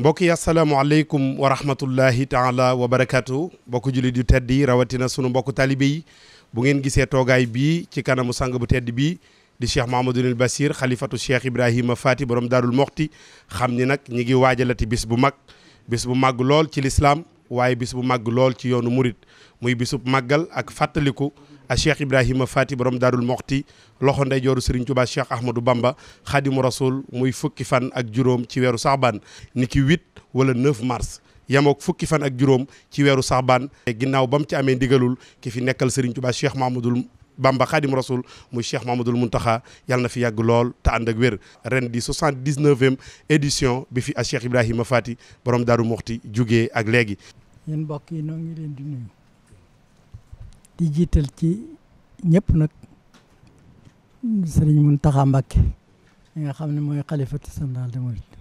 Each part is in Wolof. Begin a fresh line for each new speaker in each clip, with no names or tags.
mbokk yi asalaamaaleykum wa rahmatullahi taala wa barakaatu mbokk jullit yu tedd yi rawatina sunu mbokk talibe yi bu ngeen gisee toogaay bii ci kanamu sang bu tedd bii di cheikh Mahamadul Basir xalifatu cheikh Ibrahima Fati borom daarul moxti xam ni nag ñi ngi waajalati bis bu mag bis bu màgg lool ci lislaam waaye bis bu màgg lool ci yoonu murit muy bisu màggal ak fàttaliku a cheikh ibrahima fati borom daarul moxti loxo ndeyjooru sëriñ Tuubaa cheikh ahmadou bamba xaadimu rasul muy fukki fan ak juróom ci weeru saxbaan ni ki 8 wala 9 mars yamook fukki fan ak juróom ci weeru saxbaan ginnaaw ba mu ci amee ndigalul ki fi nekkal sëriñ Tuubaa cheikh mahamadoul bamba xaadim rasul muy cheikh mahamadoul muntaxa yàlla na fi yàgg lool te ànd ak wér ren di 79e édition bi fi a cheikh ibrahima fati borom daaru moxti jugee ak léegi
yi noo ngi leen di jiital ci ñëpp nag sëriñ Muntaxa Mbàkke mi nga xam ne mooy xalifatu général des mourides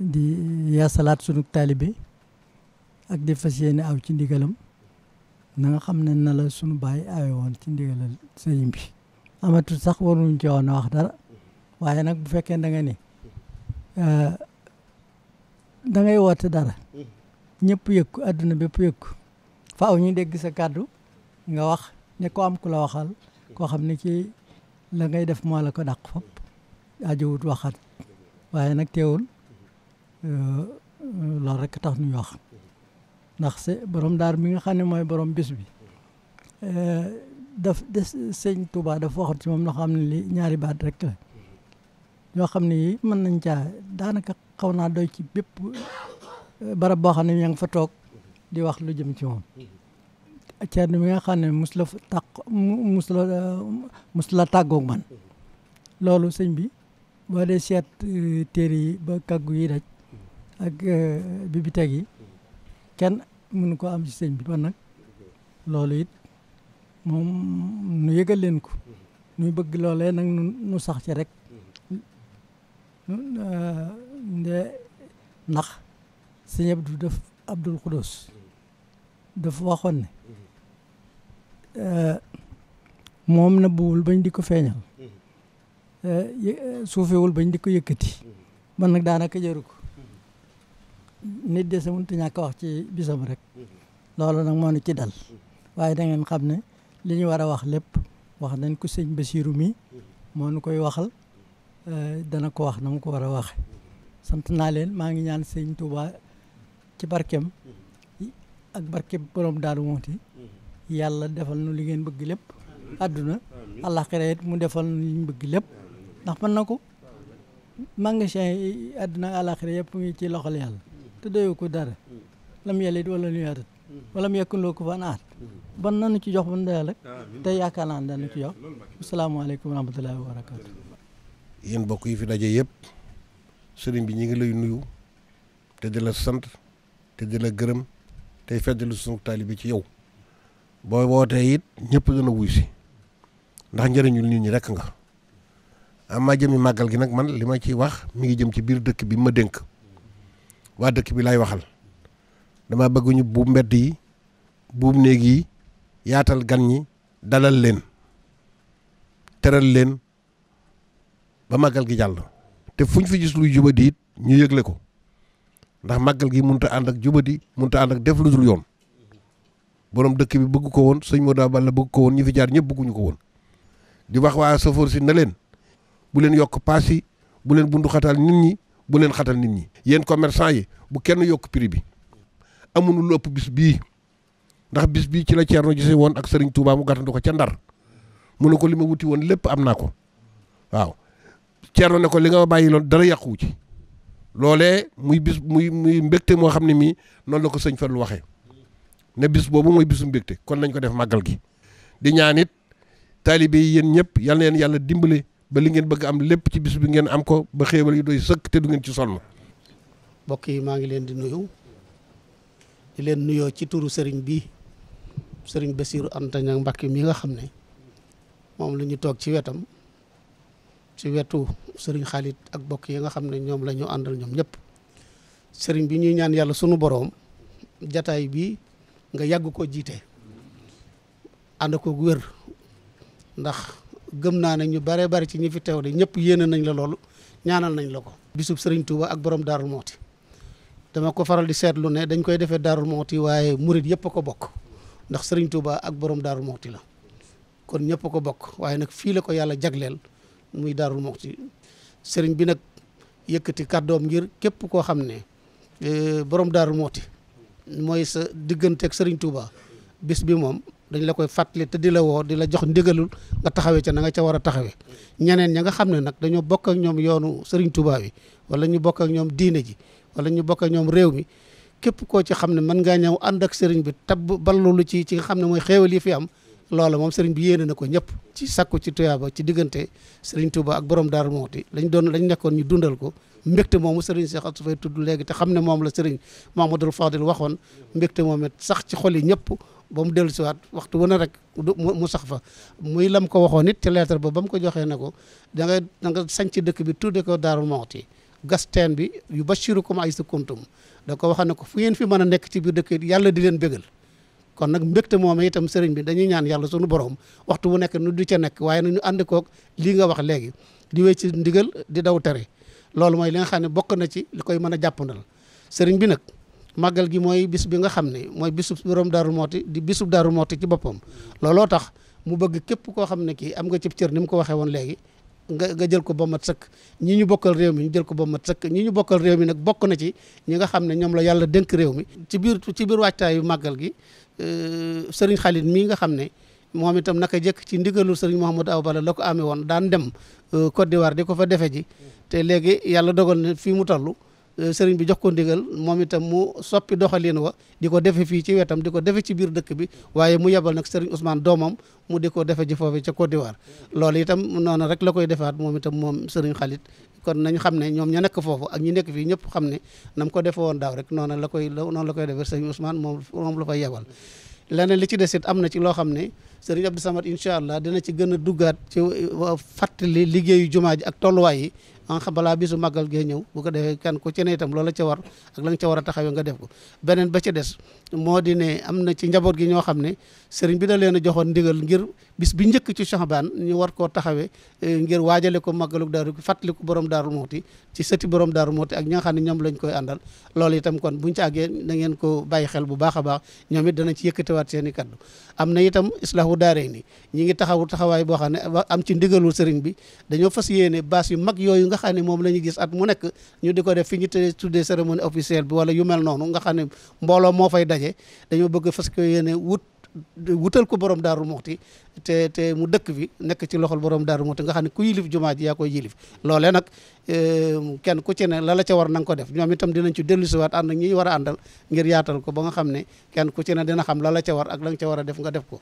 di salaat sunu taalibe ak di fas yéene aw ci ndigalam na xam ne na sunu baay awe woon ci ndigalal sëriñ bi amatul sax waruñ ci wax dara waaye nag bu fekkee da nga ne euh, da woote dara ñëpp yëg ko àdduna bépp yëg ko faaw ñu dégg sa kàddu nga wax ne ko am ku la waxal koo xam ne ci la ngay def moo la ko dàq fop ajowut waxat waaye nag teewul euh, euh, loolu rekk tax ñuy wax ndax se borom daar mi nga xam ne mooy borom bis bi euh, daf des sëñ Touba dafa waxoon ci moom loo am ne li ñaari baat rek la yoo xam ni yi mën nañ caa daanaka xaw naa doy ci bépp barab boo xam ne yaa ngi fa toog di wax lu jëm ci moom ceer mi nga xam ne mus la tàq mus la mus la man loolu sëñ bi boo dee seet euh, téere yi ba kàggu yi daj ak euh, bibliothèque yi kenn mënu ko am ci sëñ bi ba nag loolu it moom nu yëgal leen ko nu bëgg loolee nag nu sax ci rek euh, nde ndax sëñ Abdou daf Abdul Xudoos dafa waxoon ne Eh, moom nëbbuwul bañ di ko feeñal eh, eh, suufewul bañ di ko yëkkati man nag daanaka jëru ko nit de sa mënut ñàkk wax ci bisam rek loolu nag moo ci dal waaye da ngeen xam ne li ñu war a wax lépp wax nañ ko sëñ Basiiru mi moo koy waxal dana ko wax na mu ko war a waxe sant naa leen maa ngi ñaan sëñ Touba ci barkeem ak barkeem borom Daaru Muxti yàlla defal nu li ngeen bëgg lépp àdduna àllaaxira it mu defal nu liñ bëgg lépp ndax mën na ko magasin yi àdduna ak àllaaxira yëpp mu ci loxol yàlla te doyu ko dara lam yelit wala nu yatat wala mu yekkuloo ko fan aat ban nanu ci jox ban doyal rek te yaakaar naa danu ci jox asalaamaaleykum wa rahmatullahi wa barakaatu
yéen bokk yi fi daje yëpp sëriñ bi ñu ngi lay nuyu te di la sant te di la gërëm tey feddalu sunu taalibe bi ci yow boo wootee it ñëpp dana wuy si ndax njëriñul nit ñi rek nga ama jëmi màggal gi nag man li ma ci wax mi ngi jëm ci biir dëkk bi ma dénk waa dëkk bi lay waxal dama bëgg ñu buub mbedd yi buub néeg yi yaatal gan ñi dalal leen teral leen ba màggal gi jàll te fuñ fi gis luy jubadi it ñu yëgle ko ndax màggal gi munta ànd ak jubadi munta ànd ak def lu dul yoon borom dëkk bi bëgg ko woon sëñ Moda Balla bëgg ko woon ñi fi jaar ñëpp bëgguñu ko woon di wax waa safoor si na leen bu leen yokk paas yi bu leen bundu xataal nit ñi bu leen xatal nit ñi yéen commerçant yi bu kenn yokk prix bi amuñu lu ëpp bis bii ndax bis bii ci la Ceerno gisee woon ak Sëriñ Tuubaa mu gàttandu ko ca Ndar mu ne ko li ma wuti woon lépp am naa ko waaw Ceerno ne ko li nga bàyyi loon dara yàquwu ci loolee muy bis muy muy mbégte moo xam ne mii noonu la ko sëñ Fallu waxee ne bis boobu mooy bisu mbégte kon nañ ko def màggal gi di ñaan it taalibe yi yéen ñëpp yal na leen yàlla dimbale ba li ngeen bëgg am lépp ci bis bi ngeen am ko ba xeebal yi doy sëkk te du ngeen ci sonn.
mbokk yi maa ngi leen di nuyu di leen nuyoo ci turu sëriñ bi sëriñ Bassirou Anta Niang Mbacké mi nga xam ne moom la ñu toog ci wetam ci wetu sëriñ Khalid ak mbokk yi nga xam ne ñoom lañu àndal ñoom ñëpp sëriñ bi ñuy ñaan yàlla sunu boroom jataay bi. nga yàgg koo jiite ànd ko wér ndax gëm naa ne ñu bare bari ci ñi fi teew de ñëpp yéene nañ la loolu ñaanal nañ la ko. bisub sëriñ Touba ak borom Darou Mouhty dama ko faral di seetlu ne dañ koy defee Darou Mouhty waaye murit yëpp ko bokk ndax sëriñ tuuba ak borom Darou Mouhty la kon ñëpp ko bokk waaye nag fii la ko yàlla jagleel muy Darou Mouhty sëriñ bi nag yëkkati kàddoom ngir képp koo xam ne eh, borom daaru Mouhty. mooy sa digganteeg Serigne Touba bis bi moom dañ la koy fàttali te di la woo di la jox ndigalul nga taxawee ca na nga ca war a taxawee ñeneen ña nga xam ne nag dañoo bokk ak ñoom yoonu Serigne Touba bi wala ñu bokk ñoom diine ji wala ñu bokk ñoom réew mi képp koo ci xam ne mën ngaa ñëw ànd ak Serigne bi tab ballu lu ci ci nga xam ne mooy xéewal yi fi am loola moom sëriñ bi yéene na ko ñëpp ci sakku ci tuyaaba ci diggante sëriñ Touba ak borom Darou Mouhty lañ doon lañ nekkoon ñu dundal ko mbégte moomu sëriñ Cheikh Abdou Faye tudd léegi te xam ne moom la sëriñ Mahmadul Fadil waxoon mbégte moom it sax ci xol yi ñëpp ba mu dellu siwaat waxtu wu rek mu sax fa muy lam ko waxoon it ci lettre ba ba mu ko joxee na ko da nga da dëkk bi tudde ko Darou Mouhty gasteen bi yu bashirukum ay sukuntum da ko wax ne ko fu ngeen fi mën a nekk ci biir dëkk kon nag mbégte moom itam sëriñ bi dañuy ñaan yàlla sunu borom waxtu bu nekk nu du ca nekk waaye nañu ànd koog lii nga wax léegi di wéy ci di daw tere loolu mooy li nga xam ne bokk na ci li koy mën a jàppandal sëriñ bi nag màggal gi mooy bis bi nga xam ne mooy bisub borom daaru mooti di bisub daaru mooti ci boppam looloo tax mu bëgg képp koo xam ne kii am nga cib cër ni mu ko waxee woon léegi nga jël ko ba mat sëkk ñi ñu bokkal réew mi ñu jël ko ba mat sëkk ñi ñu bokkal réew mi nag bokk na ci ñi nga xam ne ñoom la yàlla dénk réew mi ci biir ci biir waajtaayu màggal gi euh, sëriñ Khalid mi nga xam ne moom tam naka jëkk ci ndigalul sëriñ Mouhamadou Awa Balla la ko amee woon daan dem euh, Côte d'Ivoire di ko fa defe ji mm. te léegi yàlla dogal na fii mu toll Euh, sëriñ bi jox ko ndigal moom itam mu soppi doxaliin wa di ko defe fii ci wetam di ko defe ci biir dëkk bi waaye mu yebal nag sëriñ Ousmane doomam mu di ko defe ji foofu ca Côte d'Ivoire loolu itam noona rek la koy defaat moom itam moom sëriñ Khalid kon nañ xam ne ñoom ña nekk foofu ak ñu nekk fii ñëpp xam ne nam ko defe woon daaw rek noonu la koy noonu la koy defe sëriñ Ousmane moom moom la fay yebal leneen li ci des am na ci loo xam ne sëriñ Abdou Samad incha allah dina ci gën a duggaat ci euh, fàttali liggéeyu jumaa ji ak tolluwaay yi enxa balaa bisu màggal gee ñëw bu ko defee kan ku ci ne itam loola ca war ak la nga war a taxawee nga def ko beneen ba ca des moo di ne am na ci njaboot gi ñoo xam ne sëriñ bi da leen a joxoon ndigal ngir bis bi njëkk ci Shahbaan ñu war koo taxawee eh, ngir waajale ko màggalu daaru fàttali ko borom daaru muuti ci sëti borom daaru muuti ak ñi nga xam ne ñoom lañ koy àndal loolu itam kon buñ ci àggee na ngeen ko bàyyi xel bu baax a baax ñoom it danañ ci yëkkatiwaat seen i kaddu am na itam islahu daaree ni ñi ngi taxawu taxawaay boo ne am ci ndigalul bi dañoo fas yéene baas yu mag yooyu nga xam ne moom la ñu gis at mu nekk ñu di ko def fi ñu tuddee cérémonie officielle bi wala yu mel noonu nga xam mbooloo moo fay daje daje dañoo bëgg fas ko yéene wut wutal ko borom daaru muxti te te mu dëkk bi nekk ci loxol borom daaru muxti nga xam ne ku yilif jumaa ji yaa koy yilif loole nag eh, kenn ku ci ne la la ca war na nga ko def ñoom itam dinañ ci dellusiwaat ànd ak ñi war a àndal ngir yaatal ko ba nga xam ne kenn ku ci ne xam la la war ak la nga ca war a def nga def ko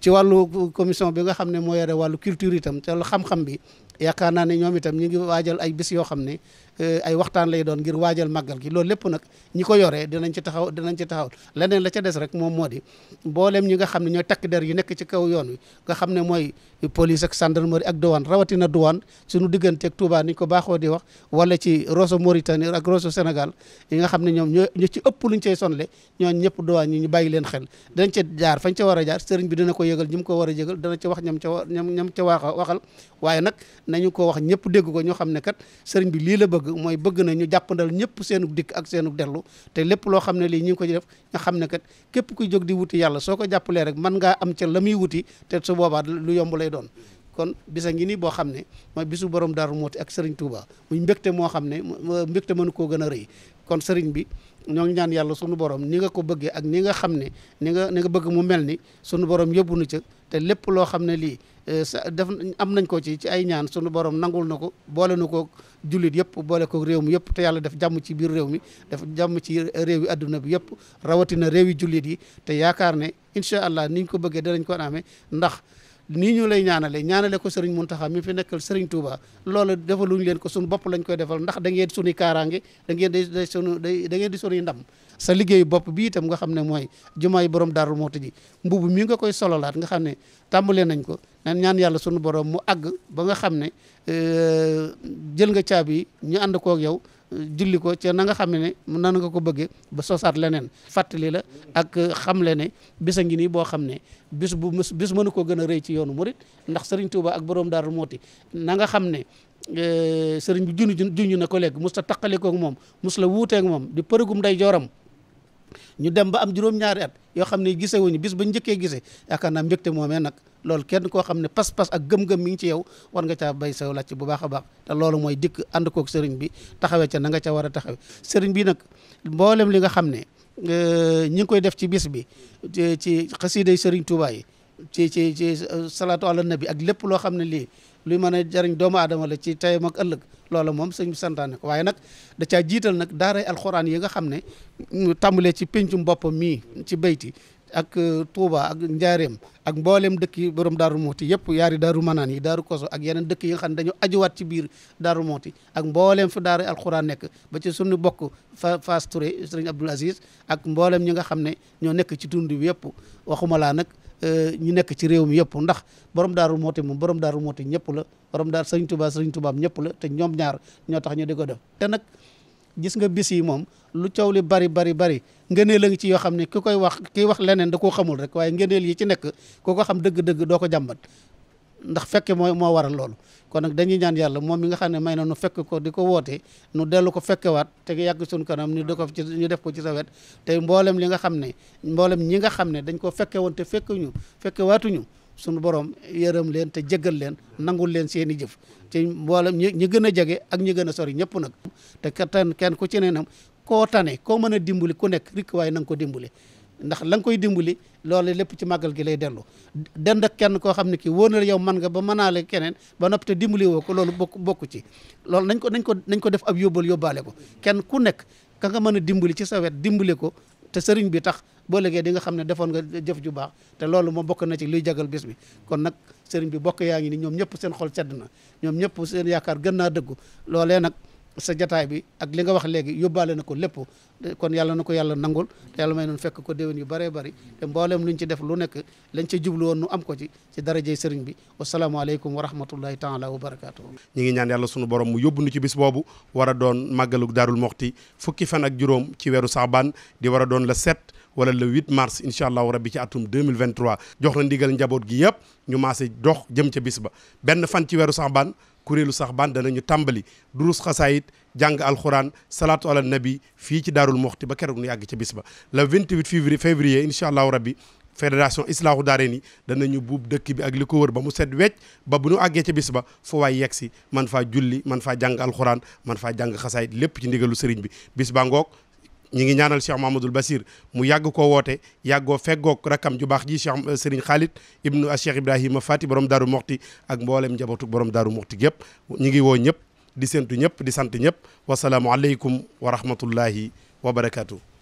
ci wàllu commission bi nga xam ne moo yore wàllu culture itam te xam-xam bi yaakaar naa ne ñoom itam ñu ngi waajal ay bis yoo xam ne eh, ay waxtaan lay doon ngir waajal màggal gi loolu lépp nag ñi ko yoree dinañ ci taxaw dinañ ci taxaw leneen la ca des rek moom moo di mboolem ñi nga xam ne ñooy takk der yu nekk ci kaw yoon wi nga xam ne mooy police ak gendarmerie ak douane rawatina douane suñu digganteeg Touba ni ko baaxoo di wax wala ci Rosso Mauritanie ak Rosso Sénégal yi nga xam ne ñoom ñoo ñu ci ëpp luñ cey sonle ñoo ñëpp douane ñi ñu bàyyi leen xel dinañ ca jaar fañ ca war a jaar sëriñ bi dina ko yëgal ñi mu ko war a yëgal dana ca wax ñam ca ñam ñam ca waaxa waxal waaye nag nañu ko wax ñëpp dégg ko ñu xam ne kat sëriñ bi lii la bëgg mooy bëgg na ñu jàppandal ñëpp seenu dikk ak seenu dellu te lépp loo xam ne lii ñu ngi ko def nga xam ne kat képp kuy jóg di yàlla soo ko jàppalee rek mën ngaa am ca la muy wuti te su boobaa lu yomb lay doon kon bisa ngi nii boo xam ne mooy bisu borom Daaru Muxti ak sëriñ Touba muy mbégte moo xam ne mbégte mënu koo gën a rëy kon sëriñ bi ñoo ngi ñaan yàlla sunu borom ni nga ko bëggee ak ni nga xam ne ni nga ni bëgg mu mel ni sunu borom yóbbu nu ca te lépp loo xam ne lii euh, sa def am nañ ko ci ci ay ñaan sunu borom nangul na ko boole na ko jullit yëpp boole ko réew mi yëpp te yàlla def jàmm ci biir réew mi def jàmm ci réew yi adduna bi yëpp rawatina réew jullit yi te yaakaar ne incha allah niñ ko bëggee danañ ko amee ndax nii ñu lay ñaanale ñaanale ko Serigne taxa mi fi nekkal Serigne Touba loolu defaluñ leen ko suñu bopp lañ koy defal ndax da ngeen suñu kaaraange da ngeen di sunu da ngeen di sunuy ndam sa liggéey bopp bii tam nga xam ne mooy jumaay borom Darou Mouhty ji mbubu mi nga koy sololaat nga xam ne tàmbalee nañ ko nan ñaan yàlla sunu borom mu àgg ba nga xam ne euh, jël nga caabi yi ñu ànd koog yow julli ko ca na nga xam ne nan nga ko bëggee ba sosaat leneen fàttali la ak xam le ne bis ngi nii boo xam ne bis bu mës bis mënu koo gën a rëy ci yoonu murit ndax Serigne Touba ak borom Daaru Mooti na nga xam ne eh, sëriñ bi junj junj na ko léegi mos ta taqale koog moom mos la moom di përëgum day jooram ñu dem ba am juróom-ñaari at yoo xam ne gise wuñu bis ba njëkkee gise yaakaar naa mbégte moomee nag loolu kenn ko xam ne pas-pas ak gëm-gëm mi ngi ci yow war nga caa bay sew làcc bu baax a baax te loolu mooy dikk ànd kook sëriñ bi taxawee ca na nga ca war a taxawe sëriñ bi nag mboolem li nga xam ne euh, ñi ngi koy def ci bis bi ci xasiiday sëriñ Tuubaa yi ci ci ci euh, salaatu ala nabi ak lépp loo xam ne lii luy mën a jariñ doomu aadama la ci tayam ak ëllëg loola moom sëñ bi santaane ko waaye nag da caa jiital nag daaray alxuraan yi nga xam ne tàmbalee ci péncum boppam mii ci bayti ak euh, Touba ak Njaareem ak mboolem dëkk yi borom Daaru Mooti yëpp yaari Daaru Manaan yi Daaru Koso ak yeneen dëkk yi nga xam ne dañu ajuwaat ci biir Daaru Mooti ak fu daara alxuraan nekk ba ci sunu bokk fa Fass Touré sëriñ Abdoul Aziz ak mbooleem ñi nga xam ne ñoo nekk ci tund bi yëpp waxuma laa nag Euh, ñu nekk ci réew mi yëpp ndax borom daaru mooti moom borom daaru mooti ñëpp la borom daar sëriñ tubaa sëriñ tubaam ñëpp la te ñoom ñaar ñoo tax ñu di ko def te nag gis nga bis yi moom lu coow li bari bari bari ngëneel a ngi ci yoo xam ne ki koy wax kiy wax leneen da koo xamul rek waaye ngëneel yi ci nekk ku ko xam dëgg-dëgg doo ko jàmbat ndax fekke mooy moo waral loolu kon nag dañuy ñaan yàlla moom mi nga xam ne may na nu fekk ko di ko woote nu dellu ko fekkewaat te yàgg suñu kanam ñu def ko ci ñu def ko ci sa te mboolem li nga xam ne mboolem ñi nga xam ne dañ ko fekke woon te fekke waatuñu suñu borom yërëm leen te jéggal leen nangul leen seen i jëf te mboolem ñi ñi gën a jege ak ñi gën a sori ñëpp nag te kattan kenn ku ci ne koo tane koo mën a dimbali ku nekk rikk waaye na nga ko dimbali ndax la nga koy dimbali loole lépp ci màggal gi lay dellu dend ak kenn koo xam ne kii wóor na yow man nga ba mënaale keneen ba noppi te dimbali ko loolu bokk bokku ci loolu nañ ko nañ ko nañ ko def ab yóbbal yóbbaale ko kenn ku nekk ka nga mën a dimbali ci sa wet dimbali ko te sëriñ bi tax boo legee di nga xam ne defoon nga jëf ju baax te loolu moom bokk na ci luy jagal bis bi kon nag sëriñ bi bokk yaa ngi ni ñoom ñëpp seen xol sedd na ñoom ñëpp seen yaakaar gën naa dëggu sa jataay bi ak li nga wax léegi yóbbaale na ko lépp kon yàlla na ko yàlla nangul te yàlla may noonu fekk ko déwén yu bëree bëri te mbooleem luñ ci def lu nekk lañ ca jublu woon nu am ko ci ci darajey sëriñ bi wasalaamaaleykum wa rahmatullahi taala wa barakatuhu
ñi ngi ñaan yàlla sunu borom mu yóbbu nu ci bis boobu war a doon màggalu daarul moxti fukki fan ak juróom ci weeru sax ban di wara doon la sept wala le 8 mars incha allahu rabbi ci atum 2023 jox na ndigal gi yëpp ñu maase dox jëm ca bis ba benn fan kuréelu Saxbaan danañu tàmbali durus xasaayit jàng alxuraan salaatu ala nabi fii ci daarul moxti ba keroog ñu yàgg ca bis ba le 28 février février incha allahu rabbi fédération islaahu daare ni danañu buub dëkk bi ak li ko wër ba mu set wecc ba bu ñu àggee ca bis ba fu waay yegg si man faa julli man faa jàng alxuraan man faa jàng xasaayit lépp ci ndigalu sëriñ bi bis ba ngoog ñi ngi ñaanal Cheikh Mahamadoul Basir mu yàgg koo woote yàggoo feggoog rakam ju baax ji Cheikh euh, Serigne Khalid ibnu euh, Cheikh ma Fati borom Daaru Moxti ak mboolem njabootu borom Daaru Moxti gépp ñi ngi woo ñëpp di séntu ñëpp di sant ñëpp wasalaamualeykum wa rahmatullahi wa barakaatu.